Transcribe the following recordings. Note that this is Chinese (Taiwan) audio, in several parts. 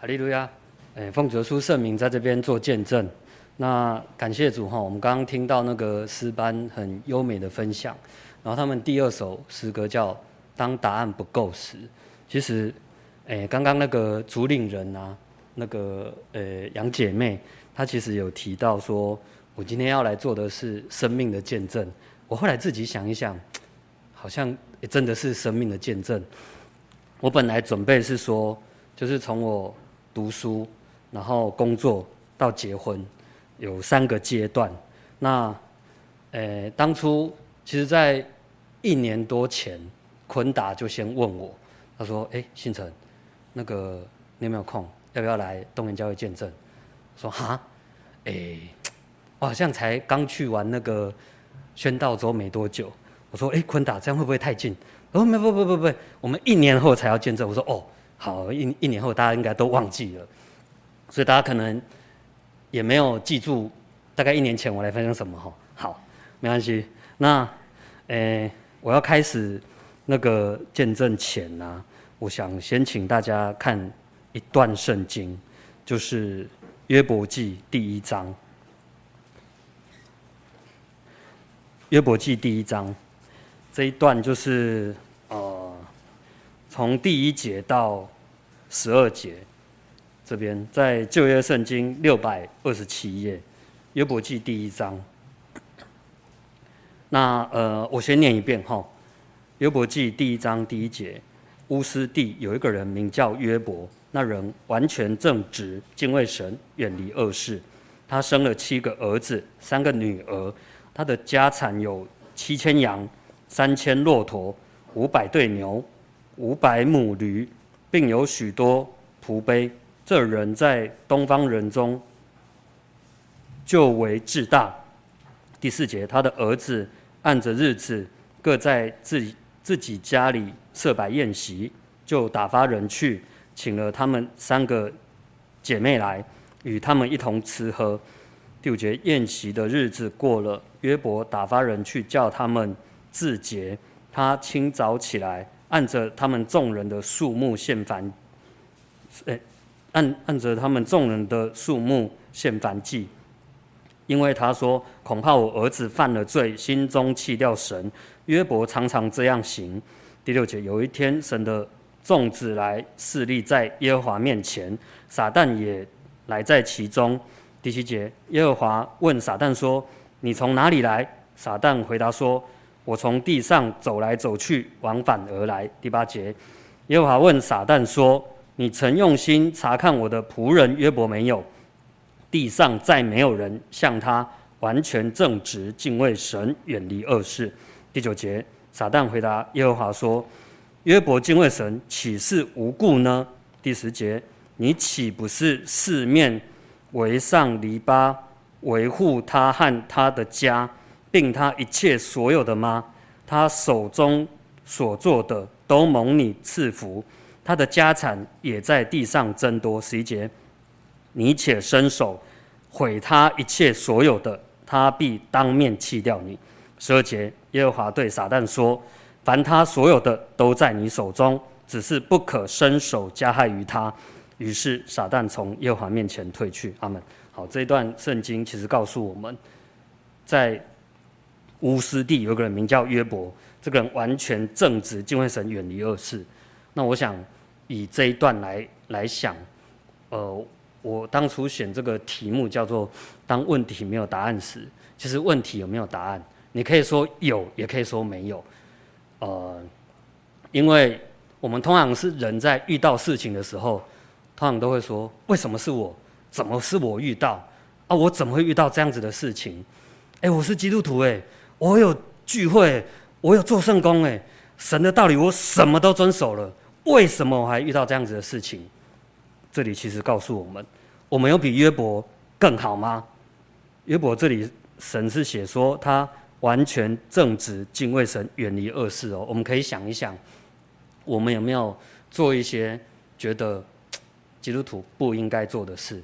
哈利路亞，哎，奉鳳澤書聖名在這邊做見證。那感謝主哈，我們剛剛聽到那個詩班很優美的分享。然後他們第二首詩歌叫《當答案不夠時》。其實，哎，剛剛那個主領人啊，那個呃楊姐妹，她其實有提到說，我今天要來做的是生命的見證。我後來自己想一想，好像也真的是生命的見證。我本來準備是說，就是從我。讀書，然後工作到結婚，有三個階段。那，呃，當初其實在一年多前，坤達就先問我，他說：“哎，信成，那個你有沒有空，要不要來東岩教會見證？”我說：“哈，哎，我好像才剛去完那個宣道之後沒多久。”我說：“哎，坤達這樣會不會太近？”哦，沒有不不，不，不，不，不，我們一年後才要見證。我說：“哦。”好一一年後，大家應該都忘記了，所以大家可能也沒有記住，大概一年前我來分享什麼哈。好，沒關係。那呃、欸，我要開始那個見證前呢、啊，我想先請大家看一段聖經，就是約伯記第一章。約伯記第一章這一段就是。從第一節到十二節，這邊在舊約聖經六百二十七頁，約伯記第一章。那呃，我先念一遍哈，約伯記第一章第一節，烏斯地有一個人名叫約伯，那人完全正直，敬畏神，遠離惡事。他生了七個兒子，三個女兒。他的家產有七千羊，三千駱駝，五百對牛。五百母驢，並有許多僕婢。這人在東方人中，就為至大。第四節，他的兒子按着日子，各在自己自己家裡設擺宴席，就打發人去，請了他們三個姐妹來，與他們一同吃喝。第五節，宴席的日子過了，約伯打發人去叫他們自潔。他清早起來。按着他們眾人的數目獻燔，哎，按按着他們眾人的數目獻燔祭，因為他說，恐怕我兒子犯了罪，心中棄掉神。約伯常常這樣行。第六節，有一天神的眾子來侍立在耶和華面前，撒旦也來在其中。第七節，耶和華問撒旦說：“你從哪裡來？”撒旦回答說。我從地上走來走去，往返而來。第八節，耶和華問撒但說：“你曾用心查看我的僕人約伯沒有？地上再沒有人像他完全正直，敬畏神，遠離惡事。”第九節，撒但回答耶和華說：“約伯敬畏神，豈是無故呢？”第十節，你豈不是四面圍上籬笆，維護他和他的家？並他一切所有的嗎？他手中所做的都蒙你賜福，他的家產也在地上增多。十一節，你且伸手毀他一切所有的，他必當面棄掉你。十二節，耶和華對撒旦說：“凡他所有的都在你手中，只是不可伸手加害於他。”於是撒旦從耶和華面前退去。阿門。好，這一段聖經其實告訴我們，在。烏斯地有個人名叫約伯，這個人完全正直，敬畏神，遠離惡事。那我想以這一段來來想，呃，我當初選這個題目叫做“當問題沒有答案時”，其實問題有沒有答案，你可以說有，也可以說沒有。呃，因為我們通常是人在遇到事情的時候，通常都會說：“為什麼是我？怎麼是我遇到？啊，我怎麼會遇到這樣子的事情？”哎，我是基督徒，哎。我有聚會，我有做聖工。哎，神的道理我什麼都遵守了，為什麼我還遇到這樣子的事情？這裡其實告訴我們，我們有比約伯更好嗎？約伯這裡神是寫說他完全正直，敬畏神，遠離惡事哦。我們可以想一想，我們有沒有做一些覺得基督徒不應該做的事？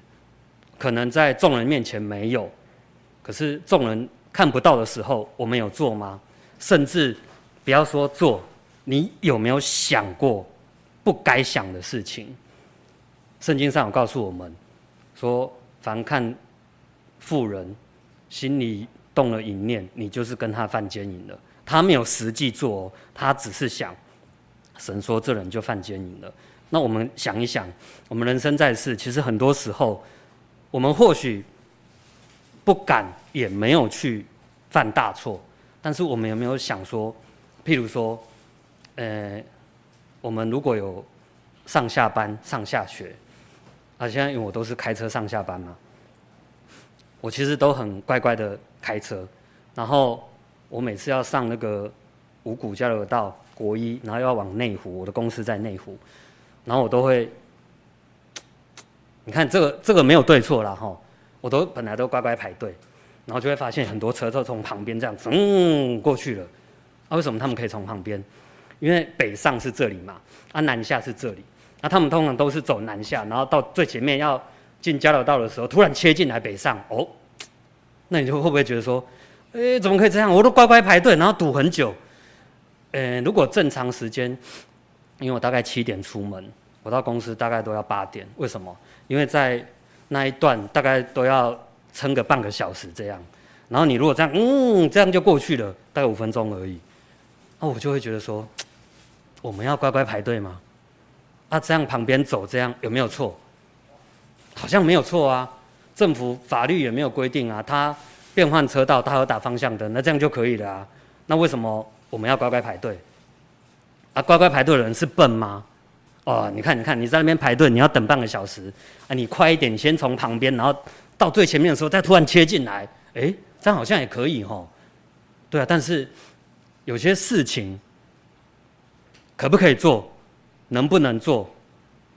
可能在眾人面前沒有，可是眾人。看不到的時候，我們有做嗎？甚至不要說做，你有沒有想過不該想的事情？聖經上有告訴我們說：凡看婦人心裡動了淫念，你就是跟他犯奸淫了。他沒有實際做，他只是想。神說這人就犯奸淫了。那我們想一想，我們人生在世，其實很多時候，我們或許不敢。也沒有去犯大錯，但是我們有沒有想說，譬如說，呃、欸，我們如果有上下班、上下學，啊，現在因為我都是開車上下班嘛，我其實都很乖乖的開車，然後我每次要上那個五股交流道國一，然後又要往內湖，我的公司在內湖，然後我都會，你看這個這個沒有對錯啦吼，我都本來都乖乖排隊。然後就會發現很多車都從旁邊這樣子嗯過去了，啊為什麼他們可以從旁邊？因為北上是這裡嘛，啊南下是這裡，那、啊、他們通常都是走南下，然後到最前面要進交流道的時候，突然切進來北上哦，那你就會不會覺得說，誒，怎麼可以這樣？我都乖乖排隊，然後堵很久，嗯，如果正常時間，因為我大概七點出門，我到公司大概都要八點，為什麼？因為在那一段大概都要。撐個半個小時這樣，然後你如果這樣，嗯，這樣就過去了，大概五分鐘而已。那、啊、我就會覺得說，我們要乖乖排隊嗎？啊，這樣旁邊走這樣有沒有錯？好像沒有錯啊，政府法律也沒有規定啊。他變換車道，他有打方向燈，那這樣就可以了啊。那為什麼我們要乖乖排隊？啊，乖乖排隊的人是笨嗎？哦，你看，你看，你在那邊排隊，你要等半個小時啊，你快一點，先從旁邊，然後。到最前面的時候，再突然切進來，哎、欸，這樣好像也可以吼，對啊。但是有些事情可不可以做，能不能做，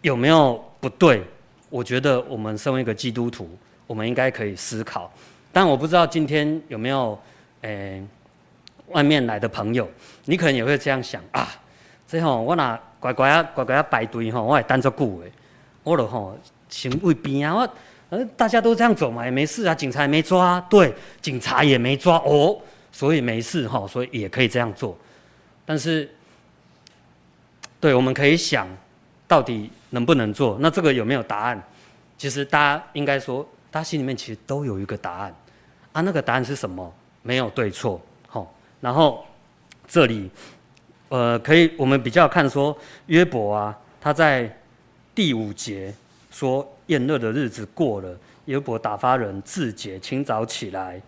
有沒有不對？我覺得我們身為一個基督徒，我們應該可以思考。但我不知道今天有沒有誒、欸，外面來的朋友，你可能也會這樣想啊。最後我哪乖乖啊乖乖啊排隊吼，我還等足久的，我咯吼，想為邊啊我。大家都這樣走嘛，也沒事啊，警察也沒抓，啊，對，警察也沒抓哦，所以沒事哈，所以也可以這樣做，但是，對，我們可以想，到底能不能做？那這個有沒有答案？其實大家應該說，大家心裡面其實都有一個答案，啊，那個答案是什麼？沒有對錯，哈。然後這裡，呃，可以我們比較看說，約伯啊，他在第五節說。宴樂的日子過了，約伯打發人自潔，清早起來，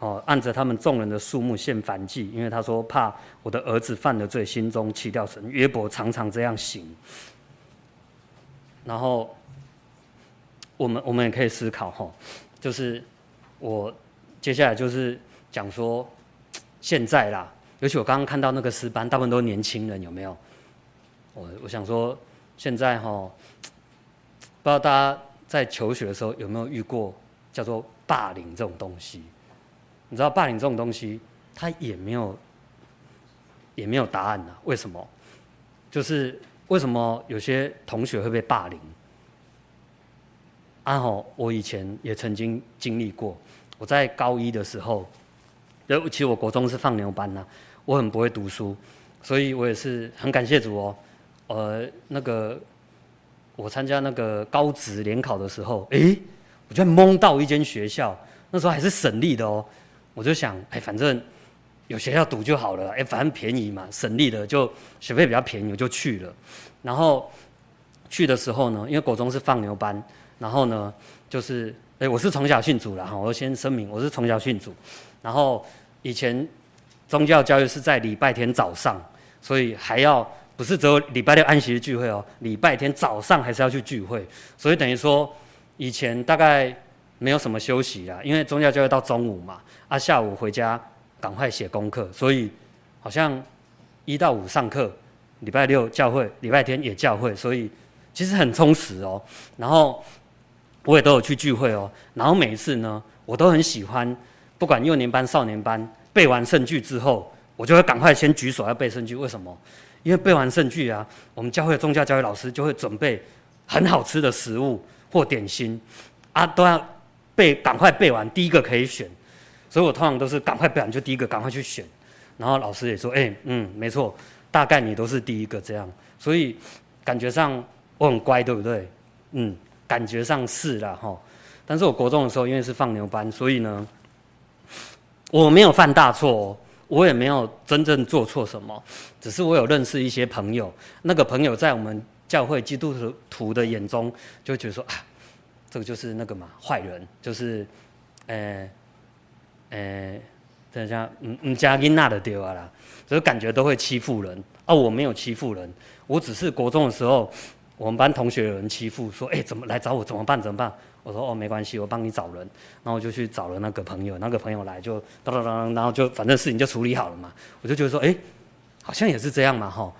哦，按着他們眾人的數目獻燔祭，因為他說，怕我的兒子犯了罪，心中棄掉神。約伯常常這樣行。然後，我們我們也可以思考吼，就是我接下來就是講說現在啦，尤其我剛剛看到那個詩班，大部分都年輕人，有沒有？我我想說現在吼。不知道大家在求學的時候有沒有遇過叫做霸凌這種東西？你知道霸凌這種東西，它也沒有也沒有答案的啊。為什麼？就是為什麼有些同學會被霸凌？還好我以前也曾經經歷過。我在高一的時候，其實我國中是放牛班吶啊，我很不會讀書，所以我也是很感謝主哦。呃，那個。我參加那個高職聯考的時候，哎、欸，我就蒙到一間學校，那時候還是省立的哦、喔。我就想，哎、欸，反正有學校讀就好了，哎、欸，反正便宜嘛，省立的就學費比較便宜，我就去了。然後去的時候呢，因為國中是放牛班，然後呢，就是哎、欸，我是從小信主的哈，我先聲明，我是從小信主。然後以前宗教教育是在禮拜天早上，所以還要。不是只有禮拜六安息聚會哦，禮拜天早上還是要去聚會，所以等於說以前大概沒有什麼休息啦、啊，因為宗教就要到中午嘛，啊下午回家趕快寫功課，所以好像一到五上課，禮拜六教會，禮拜天也教會，所以其實很充實哦。然後我也都有去聚會哦，然後每一次呢，我都很喜歡，不管幼年班、少年班，背完聖句之後，我就會趕快先舉手要背聖句，為什麼？因為背完聖句啊，我們教會的宗教教育老師就會準備很好吃的食物或點心，啊，都要背趕快背完，第一個可以選。所以我通常都是趕快背完就第一個趕快去選，然後老師也說：“哎、欸，嗯，沒錯，大概你都是第一個這樣。”所以感覺上我很乖，對不對？嗯，感覺上是啦。哈。但是我國中的時候，因為是放牛班，所以呢，我沒有犯大錯哦。我也沒有真正做錯什麼，只是我有認識一些朋友，那個朋友在我們教會基督徒徒的眼中就覺得說啊，這個就是那個嘛，壞人，就是，呃、欸、呃、欸，等一下，嗯嗯，加英娜的電話啦，所以感覺都會欺負人。哦、啊，我沒有欺負人，我只是國中的時候，我們班同學有人欺負，說哎、欸，怎麼來找我？怎麼辦？怎麼辦？我說哦，沒關係，我幫你找人，然後我就去找了那個朋友，那個朋友來就當當當，然後就反正事情就處理好了嘛。我就覺得說，哎，好像也是這樣嘛，哈、哦。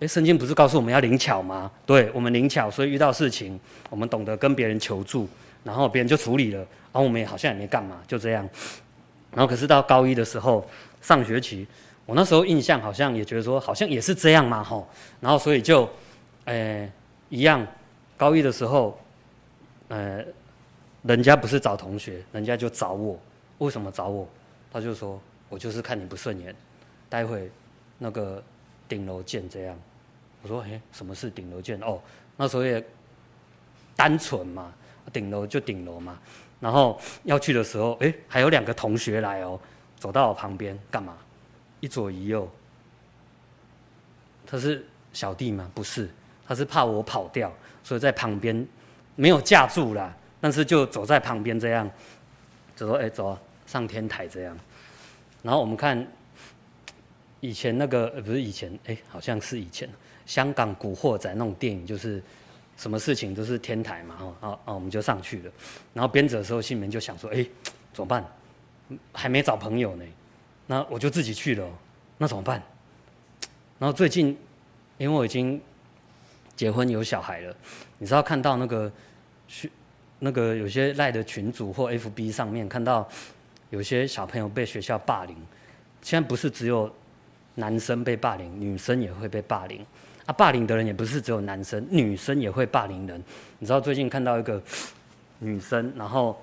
誒，聖經不是告訴我們要靈巧嗎？對我們靈巧，所以遇到事情，我們懂得跟別人求助，然後別人就處理了，然、哦、後我們也好像也沒幹嘛，就這樣。然後可是到高一的時候，上學期，我那時候印象好像也覺得說，好像也是這樣嘛，哈、哦。然後所以就，誒、呃，一樣，高一的時候。呃，人家不是找同學，人家就找我。為什麼找我？他就說，我就是看你不順眼。待會，那個頂樓見這樣。我說，哎、欸，什麼是頂樓見？哦，那時候也單純嘛，頂樓就頂樓嘛。然後要去的時候，哎、欸，還有兩個同學來哦，走到我旁邊幹嘛？一左一右。他是小弟嗎？不是，他是怕我跑掉，所以在旁邊。沒有架住啦，但是就走在旁邊這樣，就說：“哎，走、啊，上天台這樣。”然後我們看以前那個、呃、不是以前，哎，好像是以前香港古惑仔那種電影，就是什麼事情都是天台嘛，哦哦，我們就上去了。然後編的時候，心裡面就想說：“哎，怎麼辦？還沒找朋友呢，那我就自己去了、哦，那怎麼辦？”然後最近，因為我已經。結婚有小孩了，你知道看到那個學那個有些賴的群組或 FB 上面看到有些小朋友被學校霸凌，現在不是只有男生被霸凌，女生也會被霸凌啊。霸凌的人也不是只有男生，女生也會霸凌人。你知道最近看到一個女生，然後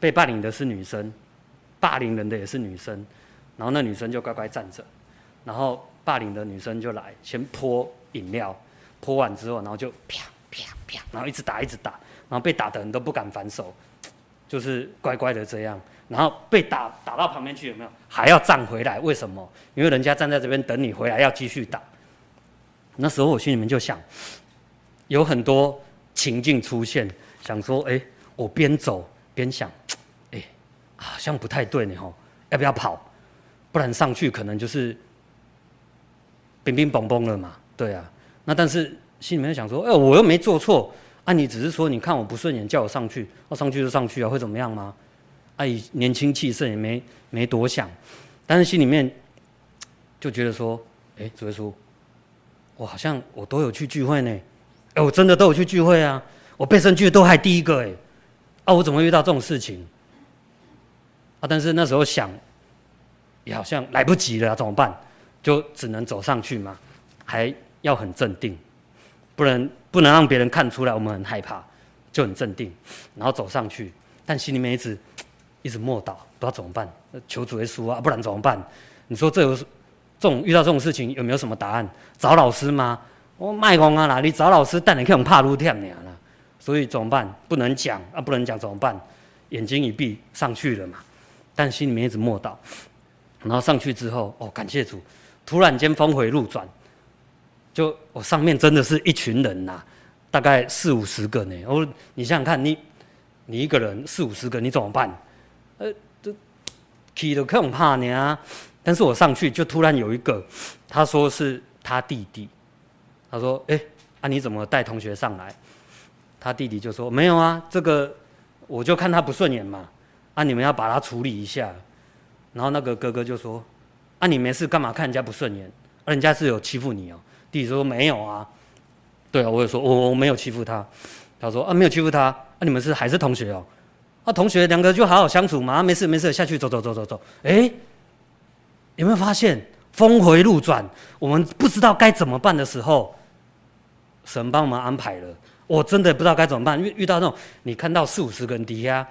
被霸凌的是女生，霸凌人的也是女生，然後那女生就乖乖站着，然後霸凌的女生就來先潑飲料。拖完之後，然後就啪啪啪，然後一直打，一直打，然後被打的人都不敢反手，就是乖乖的這樣。然後被打打到旁邊去有沒有？還要站回來？為什麼？因為人家站在這邊等你回來，要繼續打。那時候我心裡面就想，有很多情境出現，想說：哎、欸，我邊走邊想，哎，好像不太對呢吼，要不要跑？不然上去可能就是乒乒嘣嘣了嘛。對啊。那但是心裡面想說，哎、欸，我又沒做錯，啊你只是說你看我不順眼，叫我上去，我、啊、上去就上去啊，會怎麼樣嗎？阿、啊、姨年輕氣盛，也沒沒多想，但是心裡面就覺得說，哎、欸，指揮叔，我好像我都有去聚會呢，哎、欸，我真的都有去聚會啊，我變身聚會都還第一個哎、欸，啊，我怎麼會遇到這種事情？啊，但是那時候想也好像來不及了，啊，怎麼辦？就只能走上去嘛，還。要很鎮定，不能不能讓別人看出來我們很害怕，就很鎮定，然後走上去，但心裡面一直一直默禱，不知道怎麼辦，求主耶穌啊，不然怎麼辦？你說這有這種遇到這種事情有沒有什麼答案？找老師嗎？我賣光啊啦，你找老師但你可能怕爬路梯呢啦，所以怎麼辦？不能講啊，不能講怎麼辦？眼睛一閉上去了嘛，但心裡面一直默禱，然後上去之後哦，感謝主，突然間峰回路轉。就我，哦，上面真的是一群人吶，啊，大概四五十個呢。我，哦，你想想看，你你一個人四五十個，你怎麼辦？呃、欸，這起都恐怕你啊。但是我上去就突然有一個，他說是他弟弟。他說，哎，欸，啊你怎麼帶同學上來？他弟弟就說，沒有啊，這個我就看他不順眼嘛。啊你們要把他處理一下。然後那個哥哥就說，啊你沒事幹嘛看人家不順眼？啊，人家是有欺負你哦、喔。弟說沒有啊，對啊，我也說我我沒有欺負他，他說啊沒有欺負他，啊、你們是還是同學哦，啊同學兩個就好好相處嘛，啊、沒事沒事下去走走走走走，哎有沒有發現峰回路轉？我們不知道該怎麼辦的時候，神幫我們安排了，我真的不知道該怎麼辦，因為遇到那種你看到四五十個人底下，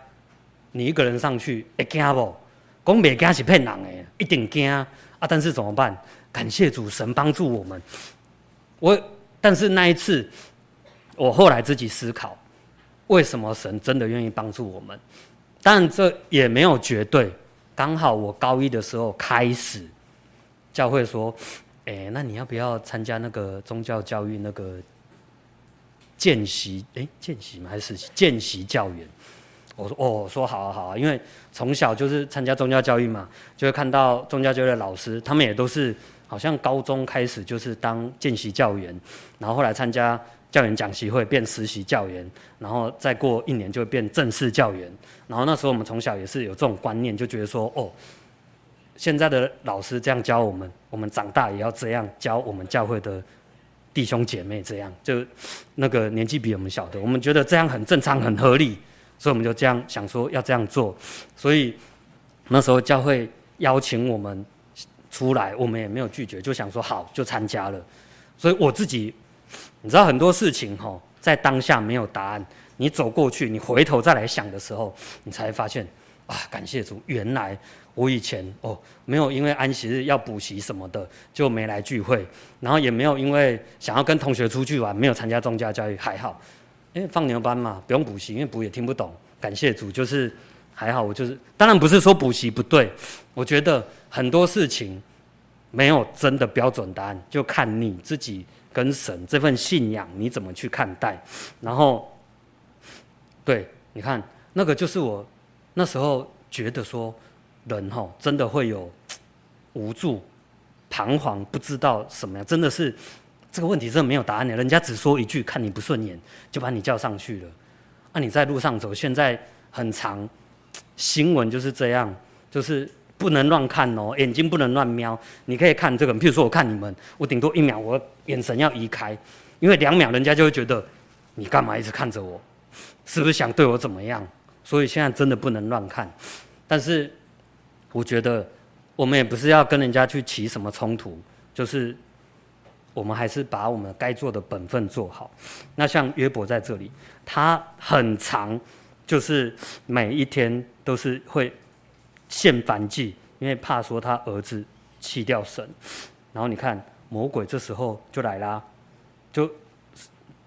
你一個人上去一驚不，講沒驚是騙人的，一定驚啊！但是怎麼辦？感謝主神幫助我們。我，但是那一次，我後來自己思考，為什麼神真的願意幫助我們？但這也沒有絕對。剛好我高一的時候開始，教會說：“哎、欸，那你要不要參加那個宗教教育那個見習？誒、欸，見習嗎？還是見習教員？”我說：“哦，說好啊好啊。”因為從小就是參加宗教教育嘛，就會看到宗教教育的老師，他們也都是。好像高中開始就是當見習教員，然後後來參加教員講習會，變實習教員，然後再過一年就變正式教員。然後那時候我們從小也是有這種觀念，就覺得說，哦，現在的老師這樣教我們，我們長大也要這樣教我們教會的弟兄姐妹，這樣就那個年紀比我們小的，我們覺得這樣很正常，很合理，所以我們就這樣想說要這樣做。所以那時候教會邀請我們出來，我們也沒有拒絕，就想說好就參加了。所以我自己，你知道很多事情哈、哦，在當下沒有答案，你走過去，你回頭再來想的時候，你才發現啊，感謝主，原來我以前哦，沒有因為安息日要補習什麼的就沒來聚會，然後也沒有因為想要跟同學出去玩，沒有參加宗教教育還好，因為放牛班嘛，不用補習，因為補也聽不懂，感謝主，就是還好，我就是當然不是說補習不對，我覺得。很多事情沒有真的標準答案，就看你自己跟神這份信仰你怎麼去看待。然後，對，你看那個就是我那時候覺得說人、哦，人哈真的會有無助、彷徨，不知道什麼呀。真的是這個問題真的沒有答案的，人家只說一句“看你不順眼”，就把你叫上去了。那、啊、你在路上走，現在很常，新聞就是這樣，就是。不能亂看哦，眼睛不能亂瞄。你可以看這個，譬如說我看你們，我頂多一秒，我眼神要移開，因為兩秒人家就會覺得你幹嘛一直看着我，是不是想對我怎麼樣？所以現在真的不能亂看。但是我覺得我們也不是要跟人家去起什麼衝突，就是我們還是把我們該做的本分做好。那像約伯在這裡，他很長，就是每一天都是會獻燔祭。因為怕說他兒子棄掉神，然後你看魔鬼這時候就來啦，就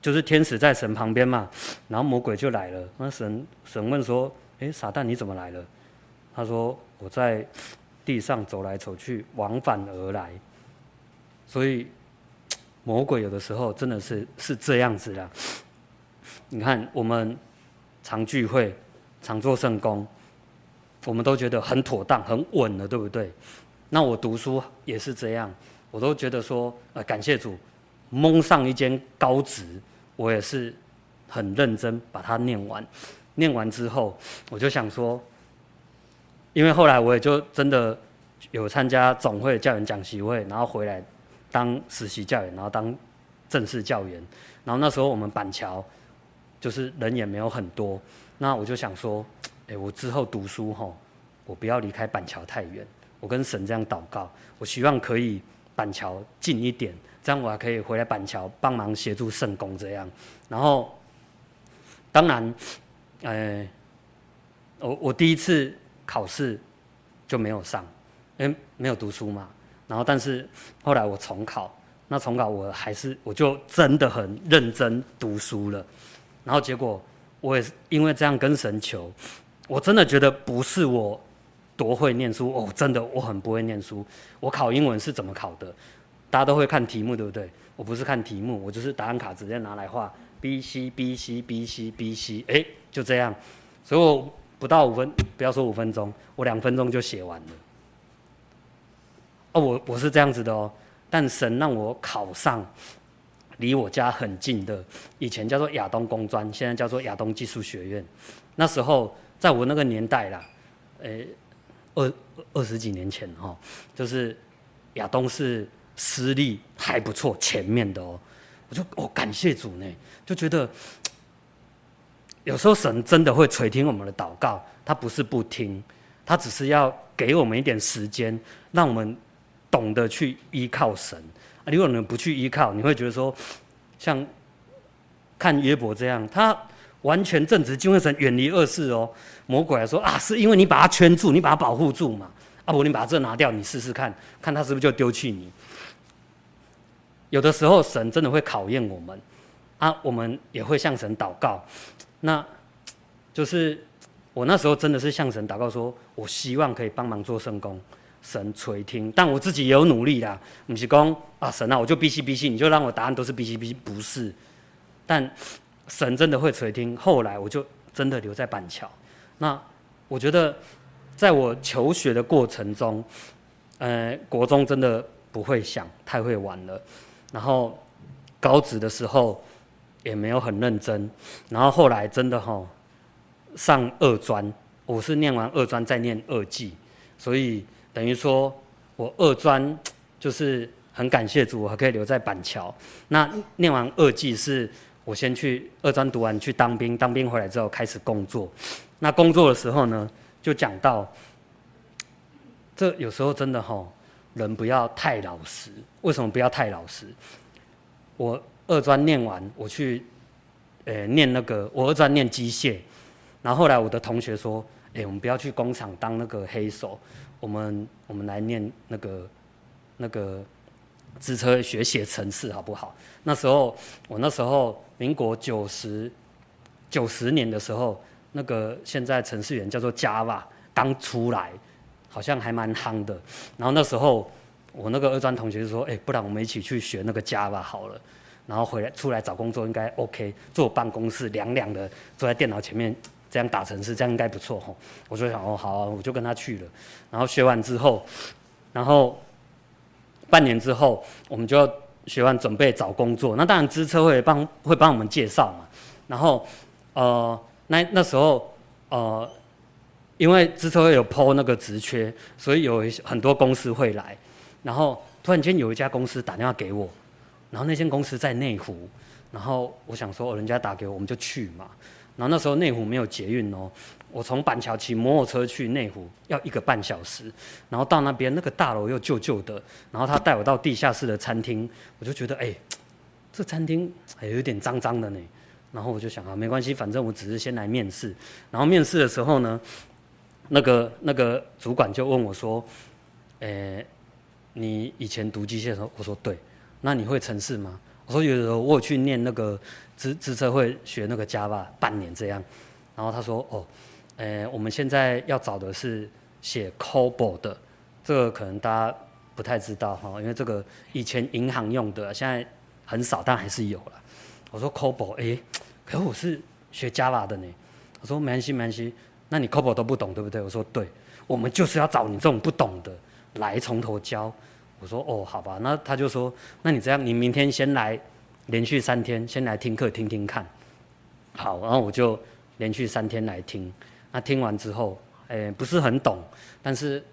就是天使在神旁邊嘛，然後魔鬼就來了。那神神問說：“哎，撒但，你怎麼來了？”他說：“我在地上走來走去，往返而來。”所以魔鬼有的時候真的是是這樣子啦。你看我們常聚會，常做聖工。我們都覺得很妥當、很穩了，對不對？那我讀書也是這樣，我都覺得說，呃，感謝主，蒙上一間高職，我也是很認真把它念完。念完之後，我就想說，因為後來我也就真的有參加總會教員講習會，然後回來當實習教員，然後當正式教員。然後那時候我們板橋就是人也沒有很多，那我就想說。哎，我之後讀書吼，我不要離開板橋太遠。我跟神這樣禱告，我希望可以板橋近一點，這樣我還可以回來板橋幫忙協助聖工這樣。然後，當然，哎，我我第一次考試就沒有上，因為沒有讀書嘛。然後，但是後來我重考，那重考我還是我就真的很認真讀書了。然後結果我也是因為這樣跟神求。我真的覺得不是我多會念書哦，真的我很不會念書。我考英文是怎麼考的？大家都會看題目，對不對？我不是看題目，我就是答案卡直接拿來畫。B C B C B C B C，哎，就這樣。所以我不到五分，不要說五分鐘，我兩分鐘就寫完了。哦，我我是這樣子的哦。但神讓我考上離我家很近的，以前叫做亞東工專，現在叫做亞東技術學院。那時候。在我那個年代啦，呃，二二十幾年前哈、哦，就是亞東是實力還不錯，前面的哦，我就哦感謝主呢，就覺得有時候神真的會垂聽我們的禱告，他不是不聽，他只是要給我們一點時間，讓我們懂得去依靠神、啊。如果你不去依靠，你會覺得說，像看約伯這樣，他。完全正直，敬畏神，遠離惡事哦。魔鬼來說啊，是因為你把他圈住，你把他保護住嘛。啊，不然，你把他這拿掉，你試試看，看他是不是就丟棄你。有的時候神真的會考驗我們啊，我們也會向神禱告。那就是我那時候真的是向神禱告說，說我希望可以幫忙做聖工，神垂聽。但我自己也有努力啦。不是工啊。神啊，我就 B C B C，你就讓我答案都是 B C B，不是。但神真的會垂聽。後來我就真的留在板橋。那我覺得，在我求學的過程中，呃，國中真的不會想，太會玩了。然後高職的時候也沒有很認真。然後後來真的吼上二專，我是念完二專再念二技，所以等於說我二專就是很感謝主，我還可以留在板橋。那念完二技是。我先去二專讀完，去當兵。當兵回來之後開始工作。那工作的時候呢，就講到，這有時候真的吼，人不要太老實。為什麼不要太老實？我二專念完，我去，呃、欸，念那個，我二專念機械。然後後來我的同學說，哎、欸，我們不要去工廠當那個黑手，我們我們來念那個那個。支持學寫程式，好不好？那時候我那時候民國九十九十年的時候，那個現在程序員叫做 Java 剛出來，好像還蠻夯的。然後那時候我那個二專同學就說：“哎、欸，不然我們一起去學那個 Java 好了。”然後回來出來找工作應該 OK，坐辦公室涼涼的，坐在電腦前面這樣打程式，這樣應該不錯吼。我就想說：“想哦，好啊，我就跟他去了。”然後學完之後，然後。半年之後，我們就要學完準備找工作。那當然，支車會幫會幫我們介紹嘛。然後，呃，那那時候，呃，因為支車會有 PO 那個職缺，所以有一些很多公司會來。然後，突然間有一家公司打電話給我，然後那間公司在內湖，然後我想說，人家打給我，我們就去嘛。然後那時候內湖沒有捷運哦。我從板橋騎摩托車去內湖要一個半小時，然後到那邊那個大樓又舊舊的，然後他帶我到地下室的餐廳，我就覺得哎、欸，這餐廳還、欸、有點髒髒的呢。然後我就想啊，沒關係，反正我只是先來面試。然後面試的時候呢，那個那個主管就問我說，誒、欸，你以前讀機械的時候？我說對。那你會程式嗎？我說有的時候我有去念那個資資策會學那個 Java 半年這樣。然後他說哦。誒、欸，我們現在要找的是寫 Cobol 的，這個可能大家不太知道哈，因為這個以前銀行用的，現在很少，但還是有了。我說 Cobol，誒、欸，可是我是學 Java 的呢。我說沒關係沒關係，那你 Cobol 都不懂對不對？我說對，我們就是要找你這種不懂的來從頭教。我說哦好吧，那他就說，那你這樣，你明天先來，連續三天，先來聽課聽聽看好。然後我就連續三天來聽。他聽完之後，誒、欸，不是很懂，但是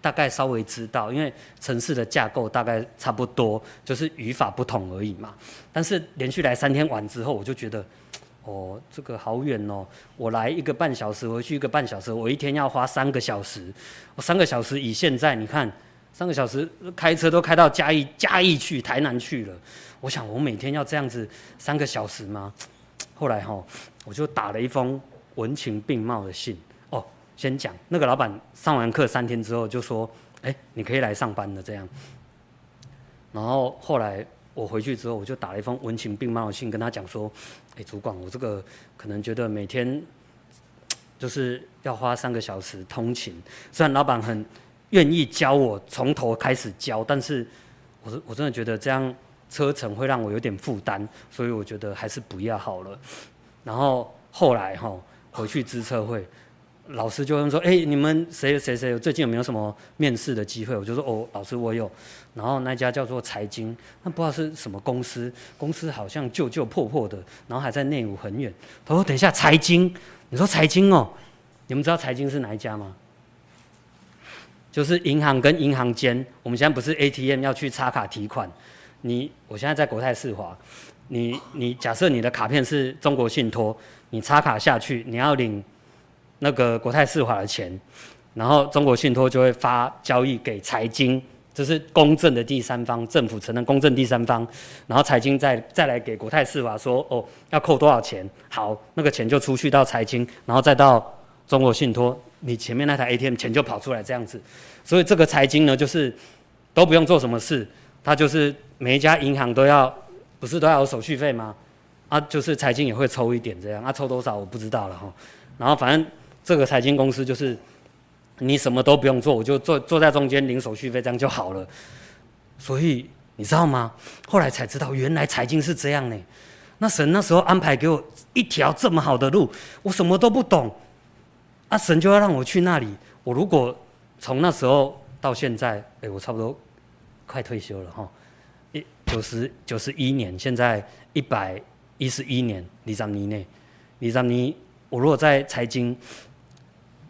大概稍微知道，因為城市的架構大概差不多，就是語法不同而已嘛。但是連續來三天晚之後，我就覺得，哦，這個好遠哦，我來一個半小時，回去一個半小時，我一天要花三個小時。我、哦、三個小時以現在你看，三個小時開車都開到嘉義，嘉義去，台南去了。我想，我每天要這樣子三個小時嗎？後來哈、哦，我就打了一封，文情並茂的信哦，先講那個老闆上完課三天之後就說：“哎，你可以來上班的。”這樣，然後後來我回去之後，我就打了一封文情並茂的信，跟他講說：“哎，主管，我這個可能覺得每天就是要花三個小時通勤，雖然老闆很願意教我從頭開始教，但是我是我真的覺得這樣車程會讓我有點負擔，所以我覺得還是不要好了。”然後後來哈。回去支測會，老師就問說：“哎、欸，你們誰誰誰最近有沒有什麼面試的機會？”我就說：“哦，老師，我有。”然後那家叫做財經，那不知道是什麼公司，公司好像舊舊破破的，然後還在內陸很遠。他說：“等一下，財經，你說財經哦，你們知道財經是哪一家嗎？就是銀行跟銀行間，我們現在不是 ATM 要去插卡提款？你我現在在國泰世華，你你假設你的卡片是中國信托。”你插卡下去，你要領那個國泰世華的錢，然後中國信托就會發交易給財經，這、就是公正的第三方，政府承認公正第三方，然後財經再再來給國泰世華說，哦，要扣多少錢？好，那個錢就出去到財經，然後再到中國信托，你前面那台 ATM 錢就跑出來這樣子，所以這個財經呢，就是都不用做什麼事，它就是每一家銀行都要，不是都要有手續費嗎？啊，就是財經也會抽一點這樣，啊，抽多少我不知道了哈。然後反正這個財經公司就是，你什麼都不用做，我就坐坐在中間領手續費這樣就好了。所以你知道嗎？後來才知道原來財經是這樣呢。那神那時候安排給我一條這麼好的路，我什麼都不懂。啊，神就要讓我去那裡。我如果從那時候到現在，誒、欸，我差不多快退休了哈，一九十九十一年，現在一百。一十一年，李藏尼內，李藏尼。我如果在財經，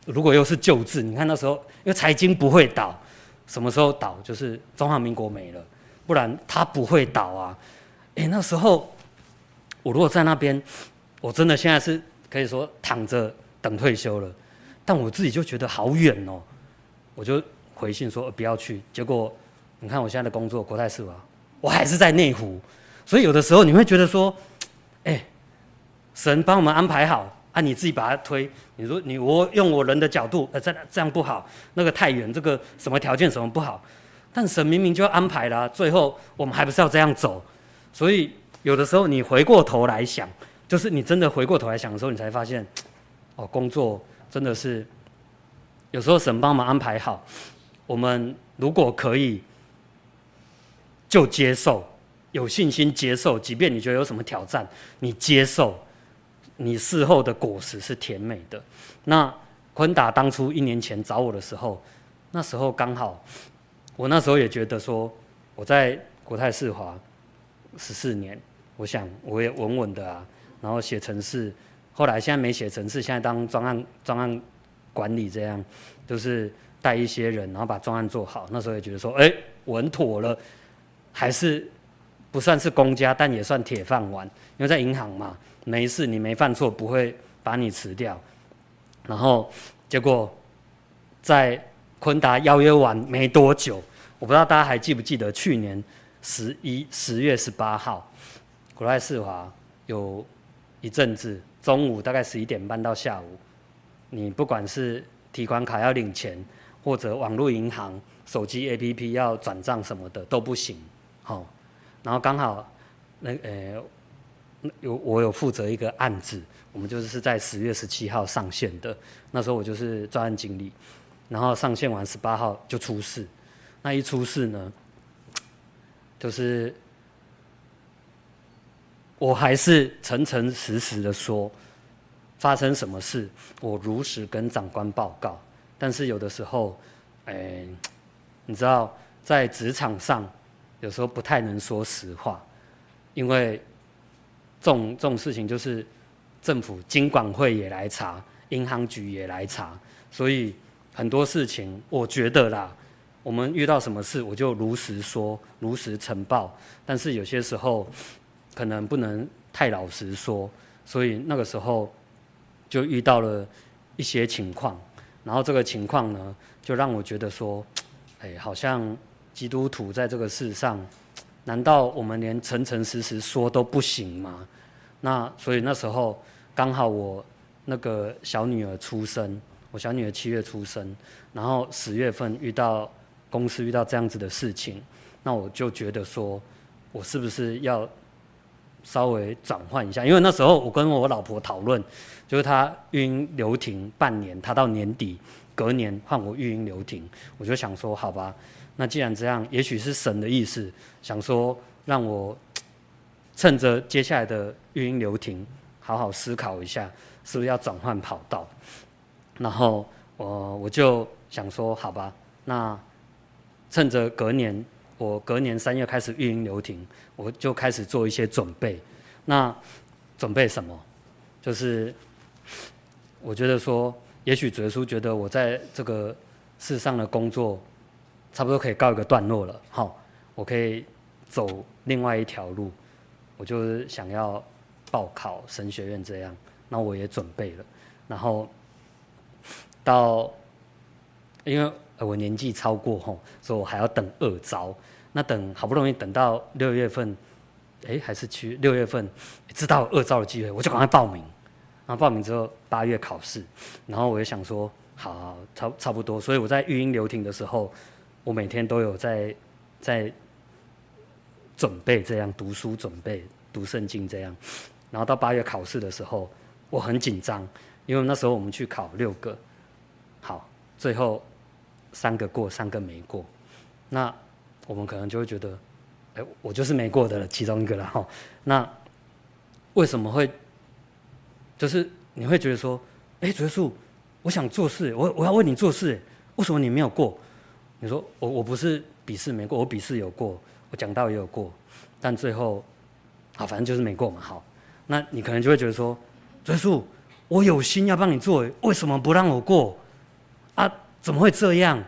如果又是救治，你看那時候，因為財經不會倒，什麼時候倒，就是中華民國沒了，不然它不會倒啊。誒、欸，那時候我如果在那邊，我真的現在是可以說躺着等退休了，但我自己就覺得好遠哦、喔。我就回信說、呃、不要去，結果你看我現在的工作，國泰世華，我還是在內湖，所以有的時候你會覺得說。哎，神幫我們安排好，按、啊、你自己把它推。你說你我用我人的角度，呃，這這樣不好，那個太遠，這個什麼條件什麼不好。但神明明就要安排了、啊，最後我們還不是要這樣走？所以有的時候你回過頭來想，就是你真的回過頭來想的時候，你才發現，哦，工作真的是有時候神幫我們安排好，我們如果可以就接受。有信心接受，即便你覺得有什麼挑戰，你接受，你事後的果實是甜美的。那坤達當初一年前找我的時候，那時候剛好，我那時候也覺得說我在國泰世華十四年，我想我也穩穩的啊，然後寫程式，後來現在沒寫程式，現在當專案專案管理這樣，就是帶一些人，然後把專案做好。那時候也覺得說，哎、欸，穩妥了，還是。不算是公家，但也算鐵飯碗，因為在銀行嘛，沒事，你沒犯錯，不會把你辭掉。然後結果在昆達邀約完沒多久，我不知道大家還記不記得，去年十一十月十八號，國泰世華有一陣子中午大概十一點半到下午，你不管是提款卡要領錢，或者網絡銀行、手機 APP 要轉賬什麼的都不行，好。然後剛好，那呃，有我有負責一個案子，我們就是是在十月十七號上線的。那時候我就是專案經理，然後上線完十八號就出事。那一出事呢，就是我還是誠誠實實，實的說，發生什麼事，我如實跟長官報告。但是有的時候，哎、呃，你知道在職場上。有時候不太能說實話，因為，這種這種事情就是政府金管會也來查，銀行局也來查，所以很多事情我覺得啦，我們遇到什麼事我就如實說，如實呈報，但是有些時候可能不能太老實說，所以那個時候就遇到了一些情況，然後這個情況呢，就讓我覺得說，哎，好像。基督徒在這個世上，難道我們連誠誠實實說都不行嗎？那所以那時候剛好我那個小女兒出生，我小女兒七月出生，然後十月份遇到公司遇到這樣子的事情，那我就覺得說，我是不是要稍微轉換一下？因為那時候我跟我老婆討論，就是她育嬰留停半年，她到年底隔年換我育嬰留停，我就想說，好吧。那既然這樣，也許是神的意思，想說讓我趁着接下來的育嬰留停，好好思考一下，是不是要轉換跑道。然後我我就想說，好吧，那趁着隔年，我隔年三月開始育嬰留停，我就開始做一些準備。那準備什麼？就是我覺得說，也許主耶穌覺得我在這個世上的工作。差不多可以告一個段落了，好，我可以走另外一條路，我就是想要報考神學院這樣，那我也準備了，然後到，因為我年紀超過吼，所以我還要等二招，那等好不容易等到六月份，哎、欸，還是去六月份知道二招的機會，我就趕快報名，然後報名之後八月考試，然後我也想說好，差差不多，所以我在育嬰留停的時候。我每天都有在在準備這樣讀書，準備讀聖經這樣，然後到八月考試的時候，我很緊張，因為那時候我們去考六個，好，最後三個過，三個沒過，那我們可能就會覺得，哎，我就是沒過的了其中一個了哈。那為什麼會就是你會覺得說，哎，主耶穌，我想做事，我我要為你做事，為什麼你沒有過？你說我我不是筆試沒過，我筆試有過，我講道也有過，但最後啊，反正就是沒過嘛。好，那你可能就會覺得說，追溯 我有心要幫你做，為什麼不讓我過？啊，怎麼會這樣？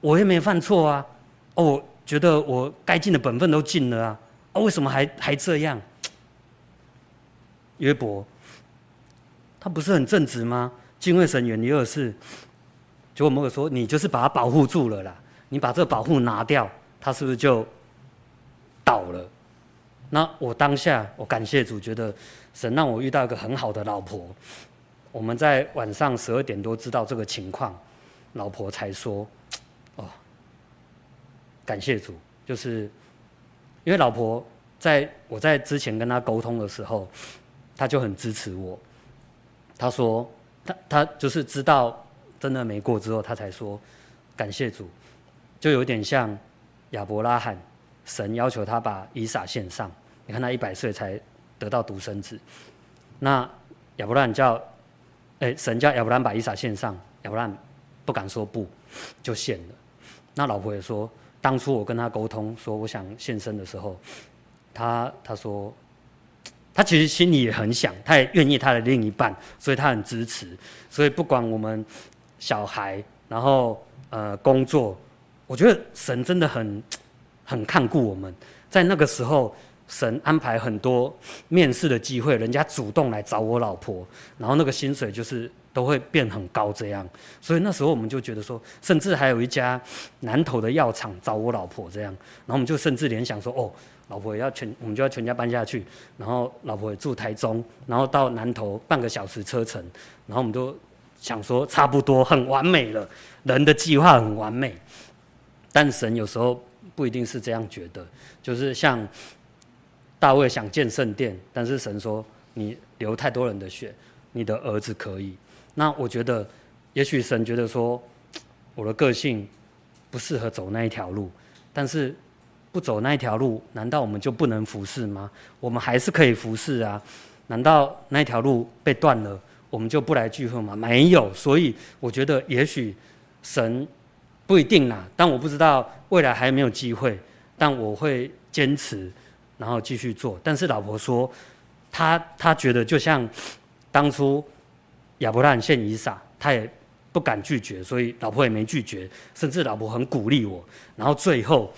我又沒犯錯啊！哦，我覺得我該盡的本分都盡了啊！啊，為什麼還還這樣？約伯，他不是很正直嗎？敬畏神、遠離惡事。就我們會說，你就是把它保護住了啦。你把這個保護拿掉，它是不是就倒了？那我當下，我感謝主，覺得神讓我遇到一個很好的老婆。我們在晚上十二點多知道這個情況，老婆才說：“哦，感謝主。”就是因為老婆在我在之前跟她溝通的時候，她就很支持我。她說：“她她就是知道。”真的沒過之後，他才說感謝主，就有點像亞伯拉罕，神要求他把以撒獻上。你看他一百歲才得到獨生子，那亞伯拉罕叫，哎、欸，神叫亞伯拉罕把以撒獻上，亞伯拉罕不敢說不，就獻了。那老婆也說，當初我跟他溝通說我想獻身的時候，他他說他其實心裡也很想，他也願意他的另一半，所以他很支持。所以不管我們。小孩，然後呃工作，我覺得神真的很很看顧我們。在那個時候，神安排很多面試的機會，人家主動來找我老婆，然後那個薪水就是都會變很高這樣。所以那時候我們就覺得說，甚至還有一家南投的藥廠找我老婆這樣，然後我們就甚至聯想說，哦，老婆也要全，我們就要全家搬下去，然後老婆也住台中，然後到南投半個小時車程，然後我們都。想說差不多很完美了，人的計劃很完美，但神有時候不一定是這樣覺得。就是像大衛想建聖殿，但是神說你流太多人的血，你的兒子可以。那我覺得，也許神覺得說我的個性不適合走那一條路，但是不走那一條路，難道我們就不能服侍嗎？我們還是可以服侍啊！難道那一條路被斷了？我們就不來聚會嗎？沒有，所以我覺得也許神不一定啦。但我不知道未來還有沒有機會，但我會堅持，然後繼續做。但是老婆說，她她覺得就像當初亞伯拉罕獻以撒，她也不敢拒絕，所以老婆也沒拒絕，甚至老婆很鼓勵我。然後最後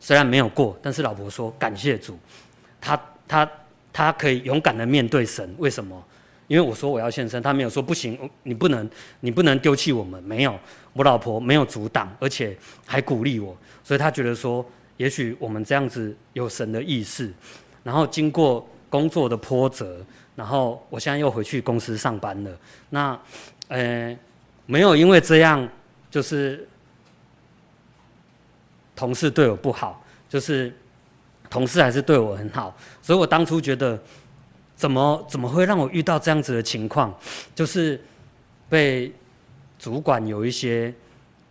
雖然沒有過，但是老婆說感謝主，他他他可以勇敢的面對神，為什麼？因為我說我要獻身，他沒有說不行，你不能，你不能丟棄我們。沒有，我老婆沒有阻擋，而且還鼓勵我，所以他覺得說，也許我們這樣子有神的意思，然後經過工作的波折，然後我現在又回去公司上班了。那，呃，沒有因為這樣，就是同事對我不好，就是同事還是對我很好，所以我當初覺得。怎麼怎麼會讓我遇到這樣子的情況？就是被主管有一些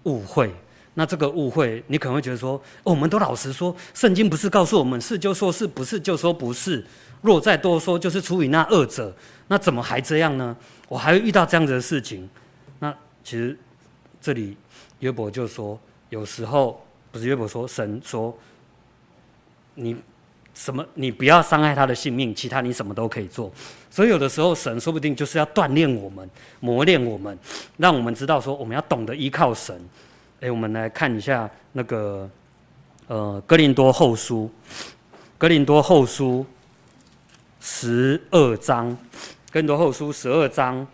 誤會。那這個誤會，你可能會覺得說，哦，我們都老實說，聖經不是告訴我們是就說是，不是就說不是，若再多說就是出於那惡者。那怎麼還這樣呢？我還會遇到這樣子的事情。那其實這裡約伯就說，有時候不是約伯說，神說你，什麼？你不要傷害他的性命，其他你什麼都可以做。所以有的時候，神說不定就是要鍛鍊我們、磨練我們，讓我們知道說，我們要懂得依靠神。誒，我們來看一下那個，呃，哥林多後書《哥林多後書》《哥林多後書》十二章，《哥林多後書》十二章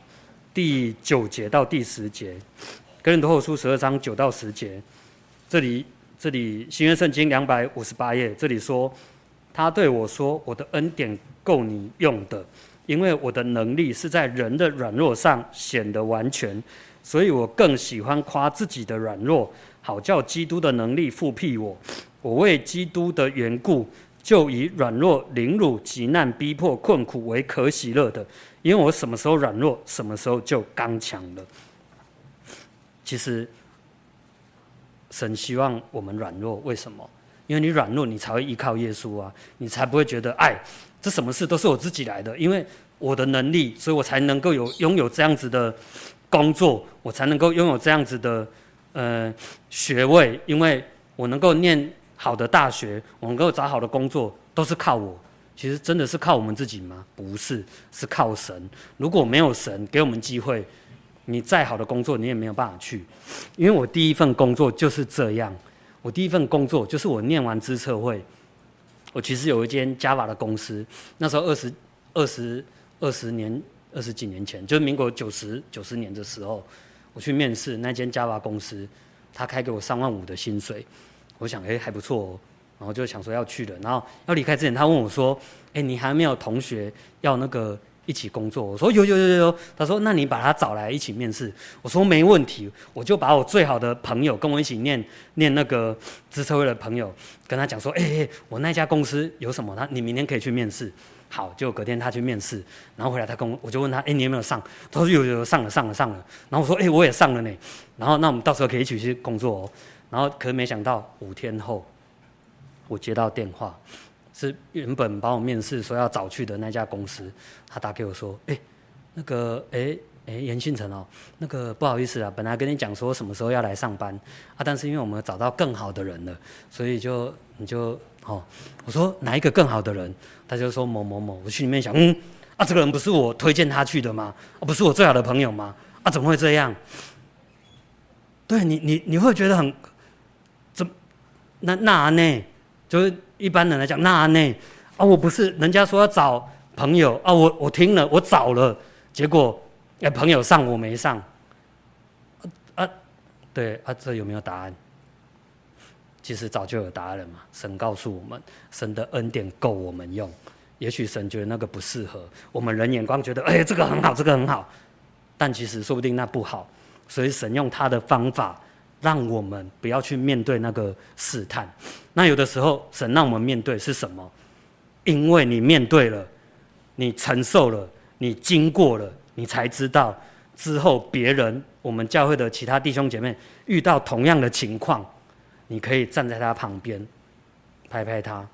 第九節到第十節，《哥林多後書》十二章九到十節，這裡這裡新約聖經兩百五十八頁，這裡說。他對我說：“我的恩典夠你用的，因為我的能力是在人的軟弱上顯得完全。所以我更喜歡誇自己的軟弱，好叫基督的能力覆庇我。我為基督的緣故，就以軟弱、凌辱、急難、逼迫、困苦為可喜樂的，因為我什麼時候軟弱，什麼時候就剛強了。其實，神希望我們軟弱，為什麼？”因為你軟弱，你才會依靠耶穌啊，你才不會覺得，哎，這什麼事都是我自己來的，因為我的能力，所以我才能夠有擁有這樣子的工作，我才能夠擁有這樣子的呃學位，因為我能夠念好的大學，我能夠找好的工作，都是靠我。其實真的是靠我們自己嗎？不是，是靠神。如果沒有神給我們機會，你再好的工作你也沒有辦法去。因為我第一份工作就是這樣。我第一份工作就是我念完資策會，我其實有一間 Java 的公司，那時候二十二十、二十年、二十幾年前，就是民國九十九十年的時候，我去面試那間 Java 公司，他開給我三萬五的薪水，我想，哎、欸，還不錯、喔，然後就想說要去的，然後要離開之前，他問我說，哎、欸，你還沒有同學要那個？一起工作，我說有有有有有，他說，那你把他找來一起面試，我說沒問題。我就把我最好的朋友跟我一起念念那個資策會的朋友，跟他講說，哎哎，我那家公司有什麼？他，你明天可以去面試，好，就隔天他去面試，然後回來他跟我，我就問他，哎，你有沒有上？他說有有有上了上了上了，然後我說，哎，我也上了呢，然後那我們到時候可以一起去工作哦，然後可沒想到五天後，我接到電話。是原本幫我面試說要找去的那家公司，他打給我說：“哎、欸，那個，哎、欸、哎，顏、欸、信成哦，那個不好意思啊，本來跟你講說什麼時候要來上班啊，但是因為我們找到更好的人了，所以就你就哦，我說哪一個更好的人？他就說某某某。我去裡面想，嗯，啊，這個人不是我推薦他去的嗎、啊？不是我最好的朋友嗎？啊，怎麼會這樣？對你，你你會覺得很怎那哪呢、啊？就是。一般人來講，那內、啊，啊，我不是，人家說要找朋友啊，我我聽了，我找了，結果哎、欸，朋友上我沒上，啊，啊對啊，這有沒有答案？其實早就有答案了嘛，神告訴我們，神的恩典夠我們用，也許神覺得那個不適合，我們人眼光覺得哎、欸，這個很好，這個很好，但其實說不定那不好，所以神用他的方法，讓我們不要去面對那個試探。那有的時候，神讓我們面對是什麼？因為你面對了，你承受了，你經過了，你才知道之後別人，我們教會的其他弟兄姐妹遇到同樣的情況，你可以站在他旁邊，拍拍他，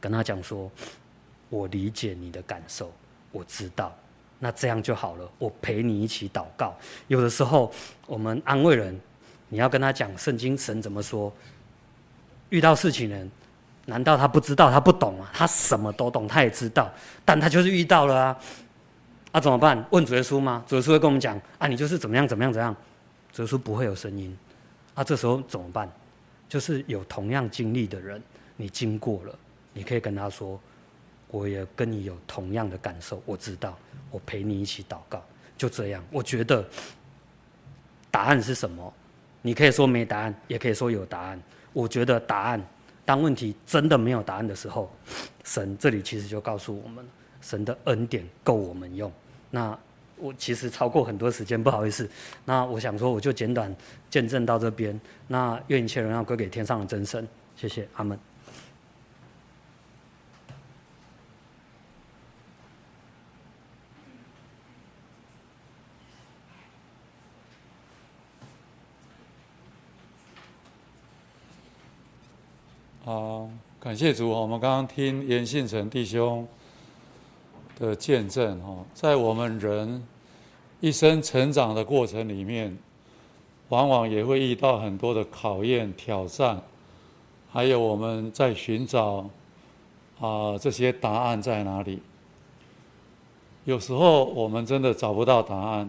跟他講說：“我理解你的感受，我知道。”那這樣就好了，我陪你一起禱告。有的時候，我們安慰人，你要跟他講聖經，神怎麼說？遇到事情呢？難道他不知道？他不懂啊？他什麼都懂，他也知道，但他就是遇到了啊！啊，怎麼辦？問主耶穌嗎？主耶穌會跟我們講啊？你就是怎麼樣怎麼樣怎麼樣？主耶穌不會有聲音。啊，這時候怎麼辦？就是有同樣經歷的人，你經過了，你可以跟他說，我也跟你有同樣的感受，我知道，我陪你一起禱告，就這樣。我覺得答案是什麼？你可以說沒答案，也可以說有答案。我覺得答案，當問題真的沒有答案的時候，神這裡其實就告訴我們，神的恩典夠我們用。那我其實超過很多時間，不好意思。那我想說，我就簡短見證到這邊。那願一切榮耀歸給天上的真神。謝謝，阿門。好、啊，感謝主。我們剛剛聽顏信成弟兄的見證哦，在我們人一生成長的過程裡面，往往也會遇到很多的考驗、挑戰，還有我們在尋找啊、呃、這些答案在哪裡。有時候我們真的找不到答案，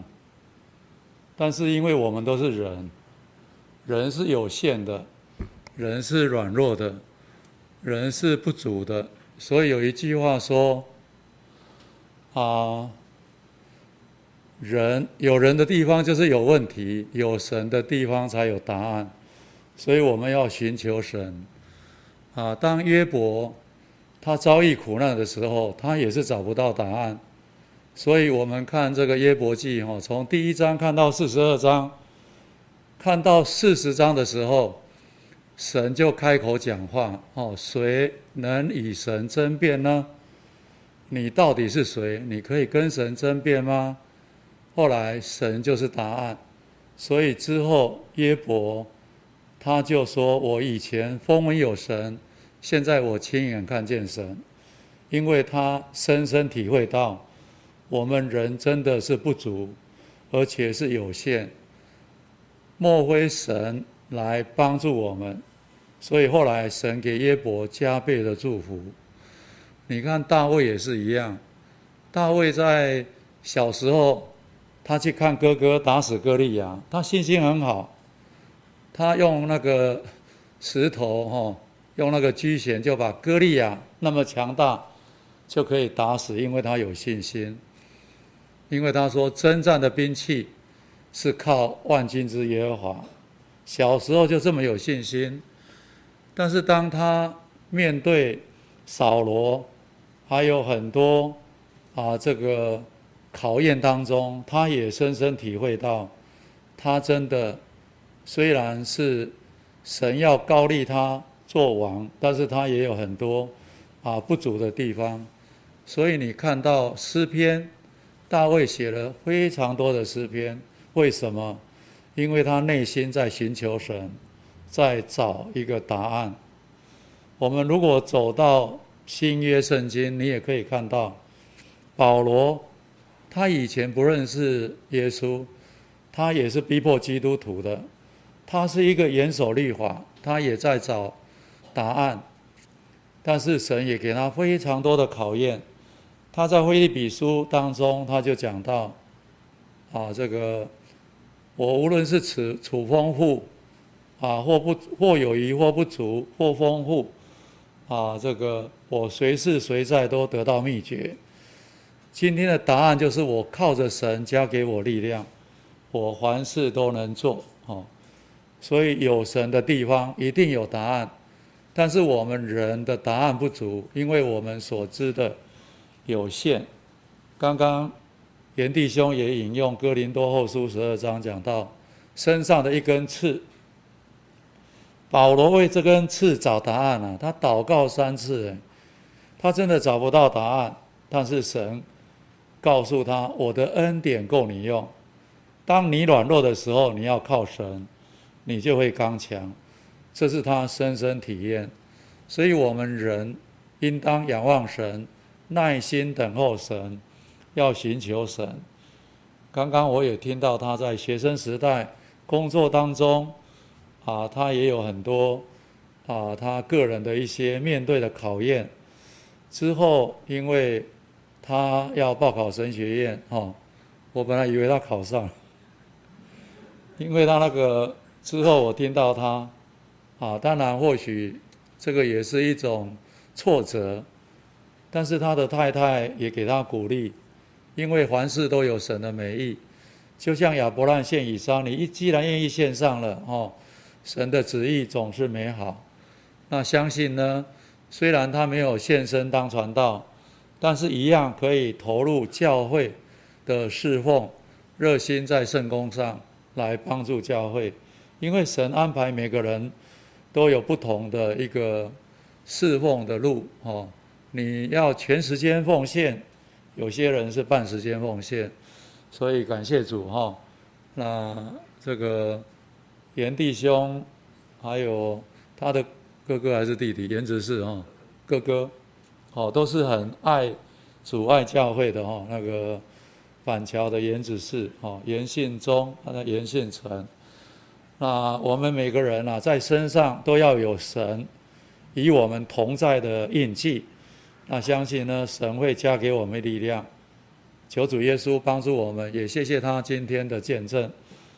但是因為我們都是人，人是有限的。人是軟弱的，人是不足的，所以有一句話說：“啊，人有人的地方就是有問題，有神的地方才有答案。”所以我們要尋求神。啊，當約伯他遭遇苦難的時候，他也是找不到答案。所以我們看這個約伯記哦，從第一章看到四十二章，看到四十章的時候，神就開口講話：“哦，誰能與神爭辯呢？你到底是誰？你可以跟神爭辯嗎？”後來神就是答案，所以之後約伯他就說：“我以前風聞有神，現在我親眼看見神。”因為他深深體會到，我們人真的是不足，而且是有限。莫非神？來幫助我們，所以後來神給耶伯加倍的祝福。你看大衛也是一樣，大衛在小時候，他去看哥哥打死歌利亞，他信心很好，他用那個石頭吼，用那個居弦就把歌利亞那麼強大就可以打死，因為他有信心，因為他說征戰的兵器是靠萬軍之耶和華。小時候就這麼有信心，但是當他面對掃羅，還有很多啊這個考驗當中，他也深深體會到，他真的雖然是神要膏立他做王，但是他也有很多啊不足的地方。所以你看到詩篇，大衛寫了非常多的詩篇，為什麼？因為他內心在尋求神，在找一個答案。我們如果走到新約聖經，你也可以看到，保羅，他以前不認識耶穌，他也是逼迫基督徒的，他是一個嚴守律法，他也在找答案，但是神也給他非常多的考驗。他在腓立比書當中他就講到，啊，這個。我無論是處處豐富，啊，或不或有餘或不足或豐富，啊，這個我隨事隨在都得到秘訣。今天的答案就是我靠着神加給我力量，我凡事都能做，哦，所以有神的地方一定有答案，但是我們人的答案不足，因為我們所知的有限。剛剛。顏弟兄也引用哥林多後書十二章講到身上的一根刺，保羅為這根刺找答案呢？啊，他禱告三次，他真的找不到答案，但是神告訴他，我的恩典夠你用，當你軟弱的時候，你要靠神，你就會剛強，這是他深深體驗，所以我們人應當仰望神，耐心等候神。要尋求神。剛剛我也聽到他在學生時代、工作當中，啊，他也有很多，啊，他個人的一些面對的考驗。之後，因為他要報考神學院，哦，我本來以為他考上，因為他那個之後，我聽到他，啊，當然或許這個也是一種挫折，但是他的太太也給他鼓勵。因為凡事都有神的美意，就像亞伯拉罕獻以撒。你一既然願意獻上了，哦、神的旨意總是美好。那相信呢，雖然他沒有獻身當傳道，但是一樣可以投入教會的侍奉，熱心在聖工上來幫助教會。因為神安排每個人都有不同的一個侍奉的路，哦、你要全時間奉獻。有些人是半時間奉獻，所以感謝主哈。那這個顏弟兄，還有他的哥哥還是弟弟顏子嗣哈，哥哥、哦，都是很愛主、愛教會的哈。那個板橋的顏子嗣哦，顏信忠，還有顏信成。那我們每個人吶、啊，在身上都要有神與我們同在的印記。那相信呢，神會加給我們力量，求主耶穌幫助我們，也謝謝他今天的見證。